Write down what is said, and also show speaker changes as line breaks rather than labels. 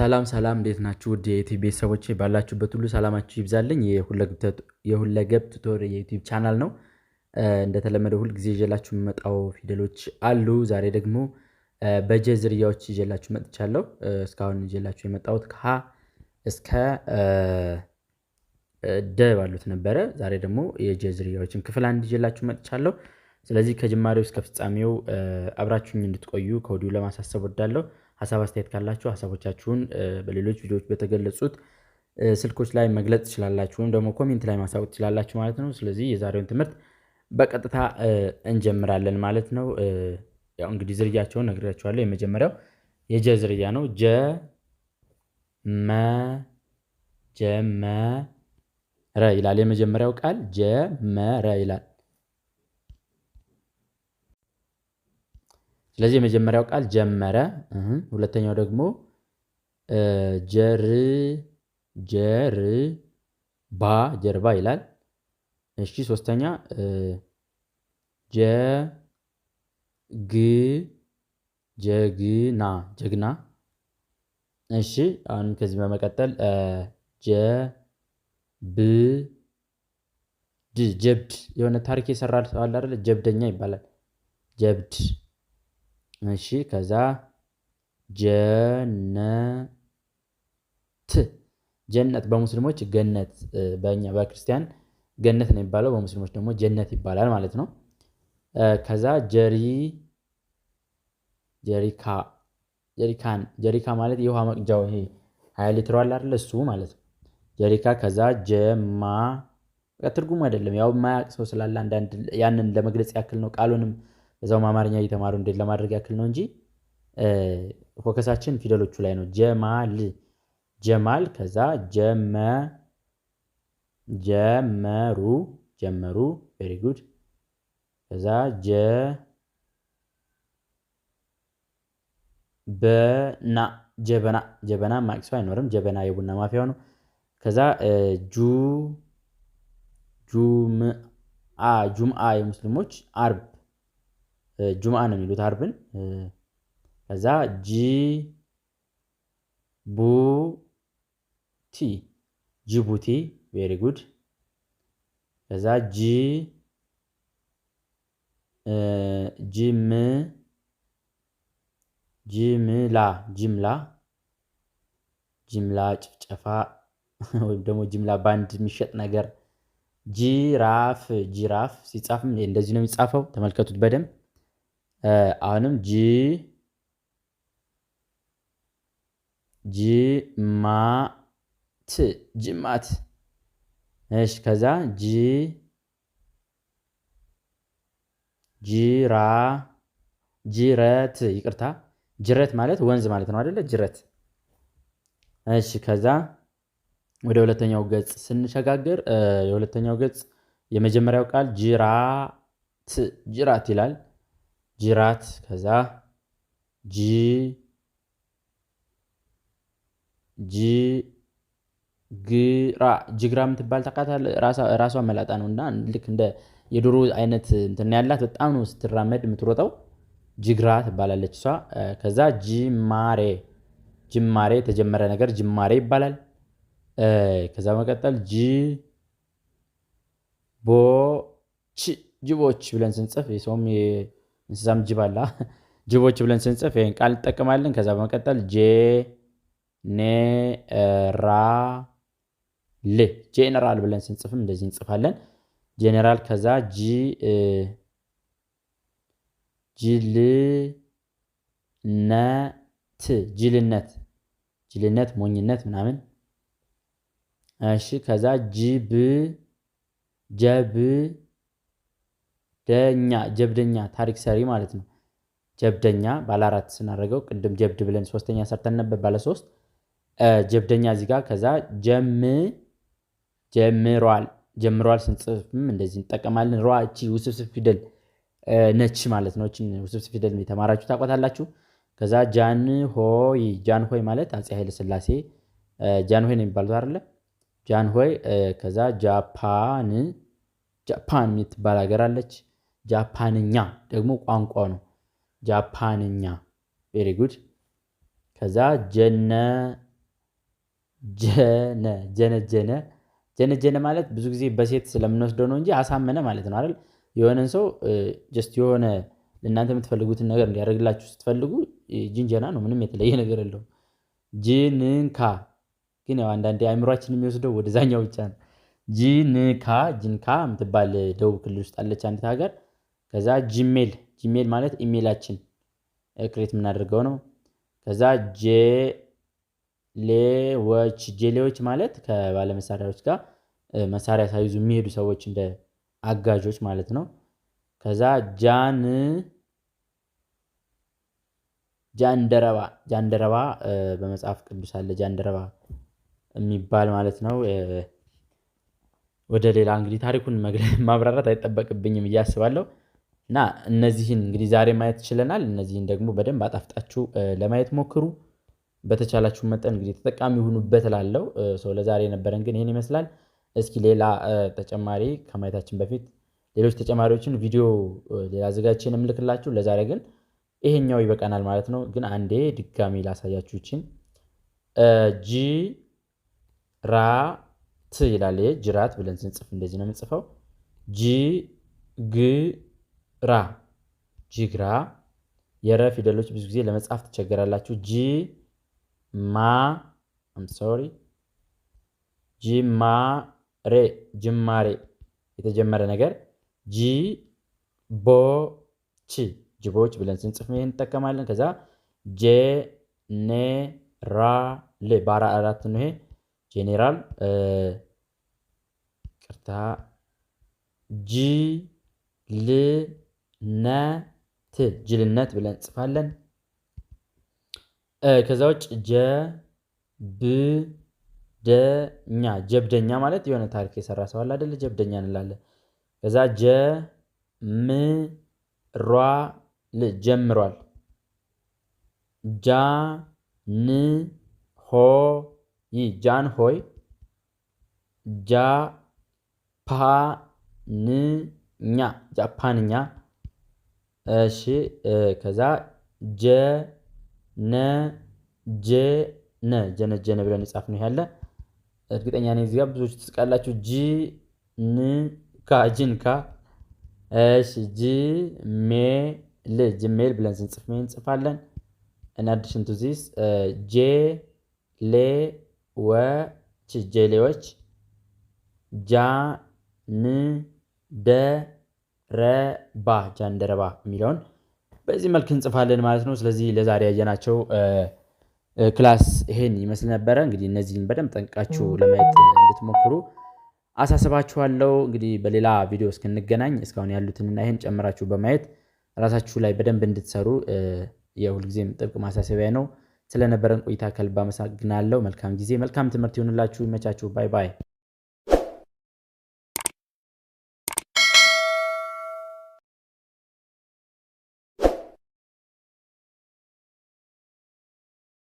ሰላም ሰላም እንዴት ናችሁ? ውድ የዩቲዩብ ቤተሰቦች ባላችሁበት ሁሉ ሰላማችሁ ይብዛልኝ። የሁለገብ ቱቶር የዩቲዩብ ቻናል ነው። እንደተለመደ ሁል ጊዜ ይዤላችሁ የምመጣው ፊደሎች አሉ። ዛሬ ደግሞ በጀ ዝርያዎች ይዤላችሁ መጥቻለሁ። እስካሁን ይዤላችሁ የመጣሁት ከሀ እስከ ደ ባሉት ነበረ። ዛሬ ደግሞ የጀ ዝርያዎችን ክፍል አንድ ይዤላችሁ መጥቻለሁ። ስለዚህ ከጅማሬው እስከ ፍጻሜው አብራችሁኝ እንድትቆዩ ከወዲሁ ለማሳሰብ ወዳለሁ። ሀሳብ አስተያየት ካላችሁ ሀሳቦቻችሁን በሌሎች ቪዲዮዎች በተገለጹት ስልኮች ላይ መግለጽ ትችላላችሁ፣ ወይም ደግሞ ኮሜንት ላይ ማሳወቅ ትችላላችሁ ማለት ነው። ስለዚህ የዛሬውን ትምህርት በቀጥታ እንጀምራለን ማለት ነው። ያው እንግዲህ ዝርያቸውን ነግሬያችኋለሁ። የመጀመሪያው የጀ ዝርያ ነው። ጀ መ ጀመረ ይላል። የመጀመሪያው ቃል ጀመረ ይላል። ስለዚህ የመጀመሪያው ቃል ጀመረ። ሁለተኛው ደግሞ ጀር ጀር ባ ጀርባ ይላል። እሺ ሶስተኛ ጀ ግ ጀግና ጀግና። እሺ አሁን ከዚህ በመቀጠል ጀ ብ ድ ጀብድ የሆነ ታሪክ የሰራ ሰው አለ አይደለ? ጀብደኛ ይባላል። ጀብድ እሺ ከዛ ጀነት ጀነት በሙስሊሞች ገነት በእኛ በክርስቲያን ገነት ነው የሚባለው፣ በሙስሊሞች ደግሞ ጀነት ይባላል ማለት ነው። ከዛ ጀሪ ጀሪካ ጀሪካን ጀሪካ ማለት የውሃ መቅጃው ይሄ ሀያ ሊትሮ አለ አይደለ? እሱ ማለት ነው ጀሪካ። ከዛ ጀማ ትርጉም አይደለም ያው የማያውቅ ሰው ስላለ አንዳንድ ያንን ለመግለጽ ያክል ነው ቃሉንም እዛውም አማርኛ እየተማሩ እንዴት ለማድረግ ያክል ነው እንጂ ፎከሳችን ፊደሎቹ ላይ ነው። ጀማል ጀማል ከዛ ጀመ ጀመሩ ጀመሩ ቬሪ ጉድ ከዛ ጀ በና ጀበና ጀበና ማክሱ አይኖርም። ጀበና የቡና ማፊያው ነው። ከዛ ጁ ጁም አ የሙስሊሞች አርብ ጁምአ ነው የሚሉት አርብን። ከዛ ጂ ቡ ቲ ጅቡቲ። ቬሪ ጉድ። ከዛ ጂ ጂም ጂምላ ጂምላ ጂምላ ጭፍጨፋ ወይም ደግሞ ጅምላ ባንድ የሚሸጥ ነገር ጂራፍ ጂራፍ ሲጻፍም እንደዚህ ነው የሚጻፈው። ተመልከቱት በደንብ አሁንም ጂ ጅማት ጅማት። እሺ ከዛ ጂ ጂራ ጅረት ይቅርታ፣ ጅረት ማለት ወንዝ ማለት ነው አይደለ? ጅረት። እሺ ከዛ ወደ ሁለተኛው ገጽ ስንሸጋገር የሁለተኛው ገጽ የመጀመሪያው ቃል ጅራት ጅራት ይላል። ጅራት ከዛ ጂ ጂ ግራ ጅግራ የምትባል ታውቃታለህ? ራሷ መላጣ ነው እና ልክ እንደ የዶሮ አይነት እንትን ያላት በጣም ነው ስትራመድ የምትሮጠው ጅግራ ትባላለች እሷ። ከዛ ጅማሬ ጅማሬ የተጀመረ ነገር ጅማሬ ይባላል። ከዛ በመቀጠል ጂ ቦች ጅቦች ብለን ስንጽፍ የሰውም እንስሳም ጅባላ ጅቦች ብለን ስንጽፍ ይህን ቃል እንጠቀማለን። ከዛ በመቀጠል ጄኔራል ጄኔራል ብለን ስንጽፍም እንደዚህ እንጽፋለን። ጄኔራል ከዛ ጅልነት ጅልነት ጅልነት ሞኝነት ምናምን። እሺ ከዛ ጅብ ጀብ ጀብደኛ ጀብደኛ ታሪክ ሰሪ ማለት ነው። ጀብደኛ ባለ አራት ስናደርገው ቅድም ጀብድ ብለን ሶስተኛ ሰርተን ነበር። ባለ ሶስት ጀብደኛ እዚህ ጋር ከዛ ጀም ጀምሯል ጀምሯል ስንጽፍም እንደዚህ እንጠቀማለን። ሯ እቺ ውስብስብ ፊደል ነች ማለት ነው። እቺን ውስብስብ ፊደል የተማራችሁ ታውቋታላችሁ። ከዛ ጃን ሆይ ጃን ሆይ ማለት አፄ ኃይለ ስላሴ ጃን ሆይ ነው የሚባሉት አይደለ? ጃን ሆይ ከዛ ጃፓን ጃፓን የምትባል ሀገር አለች። ጃፓንኛ ደግሞ ቋንቋ ነው። ጃፓንኛ ቬሪ ጉድ። ከዛ ጀነ ጀነ ጀነጀነ ጀነጀነ ማለት ብዙ ጊዜ በሴት ስለምንወስደው ነው እንጂ አሳመነ ማለት ነው አይደል? የሆነን ሰው ጀስት የሆነ ለእናንተ የምትፈልጉትን ነገር እንዲያደርግላችሁ ስትፈልጉ ጅንጀና ነው። ምንም የተለየ ነገር የለውም። ጅንካ ግን ያው አንዳንዴ አይምሯችን የሚወስደው ወደዛኛው ብቻ ነው። ጂንካ ጂንካ የምትባል ደቡብ ክልል ውስጥ አለች አንዲት ሀገር ከዛ ጂሜል ጂሜል ማለት ኢሜላችን ክሬት የምናደርገው ነው። ከዛ ጄሌዎች ጄሌዎች ማለት ከባለመሳሪያዎች ጋር መሳሪያ ሳይዙ የሚሄዱ ሰዎች እንደ አጋዦች ማለት ነው። ከዛ ጃን ጃንደረባ ጃንደረባ በመጽሐፍ ቅዱስ አለ ጃንደረባ የሚባል ማለት ነው። ወደ ሌላ እንግዲህ ታሪኩን ማብራራት አይጠበቅብኝም ብዬ አስባለሁ። እና እነዚህን እንግዲህ ዛሬ ማየት ችለናል። እነዚህን ደግሞ በደንብ አጣፍጣችሁ ለማየት ሞክሩ። በተቻላችሁ መጠን እንግዲህ ተጠቃሚ ሁኑበት ላለው ሰው ለዛሬ የነበረን ግን ይህን ይመስላል። እስኪ ሌላ ተጨማሪ ከማየታችን በፊት ሌሎች ተጨማሪዎችን ቪዲዮ ሌላ አዘጋጅቼን እምልክላችሁ። ለዛሬ ግን ይሄኛው ይበቃናል ማለት ነው። ግን አንዴ ድጋሚ ላሳያችሁችን ት ይላል። ጅራት ብለን ስንጽፍ እንደዚህ ነው የምንጽፈው ጂ ግ ራ ጅግራ። የረ ፊደሎች ብዙ ጊዜ ለመጻፍ ትቸገራላችሁ። ጂ ማ ሶሪ ጂማሬ ጅማሬ የተጀመረ ነገር ጂ ቦ ቺ ጅቦች ብለን ስንጽፍ እንጠቀማለን። ከዛ ሌ በአራ አራት ነው ይሄ ጄኔራል ቅርታ ጂ ል ነት ጅልነት ብለን እንጽፋለን። ከዛ ውጭ ጀብደኛ ጀብደኛ ማለት የሆነ ታሪክ የሰራ ሰው አለ አይደለ? ጀብደኛ እንላለን። ከዛ ጀምሯል ጀምሯል። ጃንሆይ ጃንሆይ ጃፓንኛ ጃፓንኛ እሺ ከዛ ጀ ነ ጀ ነ ጀነጀነ ብለን የጻፍነው ነው ያለ እርግጠኛ ነኝ እዚጋ ጋር ብዙዎች ትስቃላችሁ። ጂ ን ካ ካ እሺ ጂ ሜ ል ጂሜል ብለን ስንጽፍ ምን እንጽፋለን? እና አዲሽን ቱ ዚስ ጄ ሌ ወ ች ጄሌዎች ጃ ን ደ ረባ ጃንደረባ የሚለውን በዚህ መልክ እንጽፋለን ማለት ነው። ስለዚህ ለዛሬ ያየናቸው ክላስ ይሄን ይመስል ነበረ። እንግዲህ እነዚህን በደንብ ጠንቃችሁ ለማየት እንድትሞክሩ አሳስባችኋለሁ። እንግዲህ በሌላ ቪዲዮ እስክንገናኝ እስካሁን ያሉትንና ይህን ጨምራችሁ በማየት ራሳችሁ ላይ በደንብ እንድትሰሩ የሁልጊዜም ጥብቅ ማሳሰቢያ ነው። ስለነበረን ቆይታ ከልብ አመሰግናለሁ። መልካም ጊዜ፣ መልካም ትምህርት ይሆንላችሁ። ይመቻችሁ። ባይ ባይ።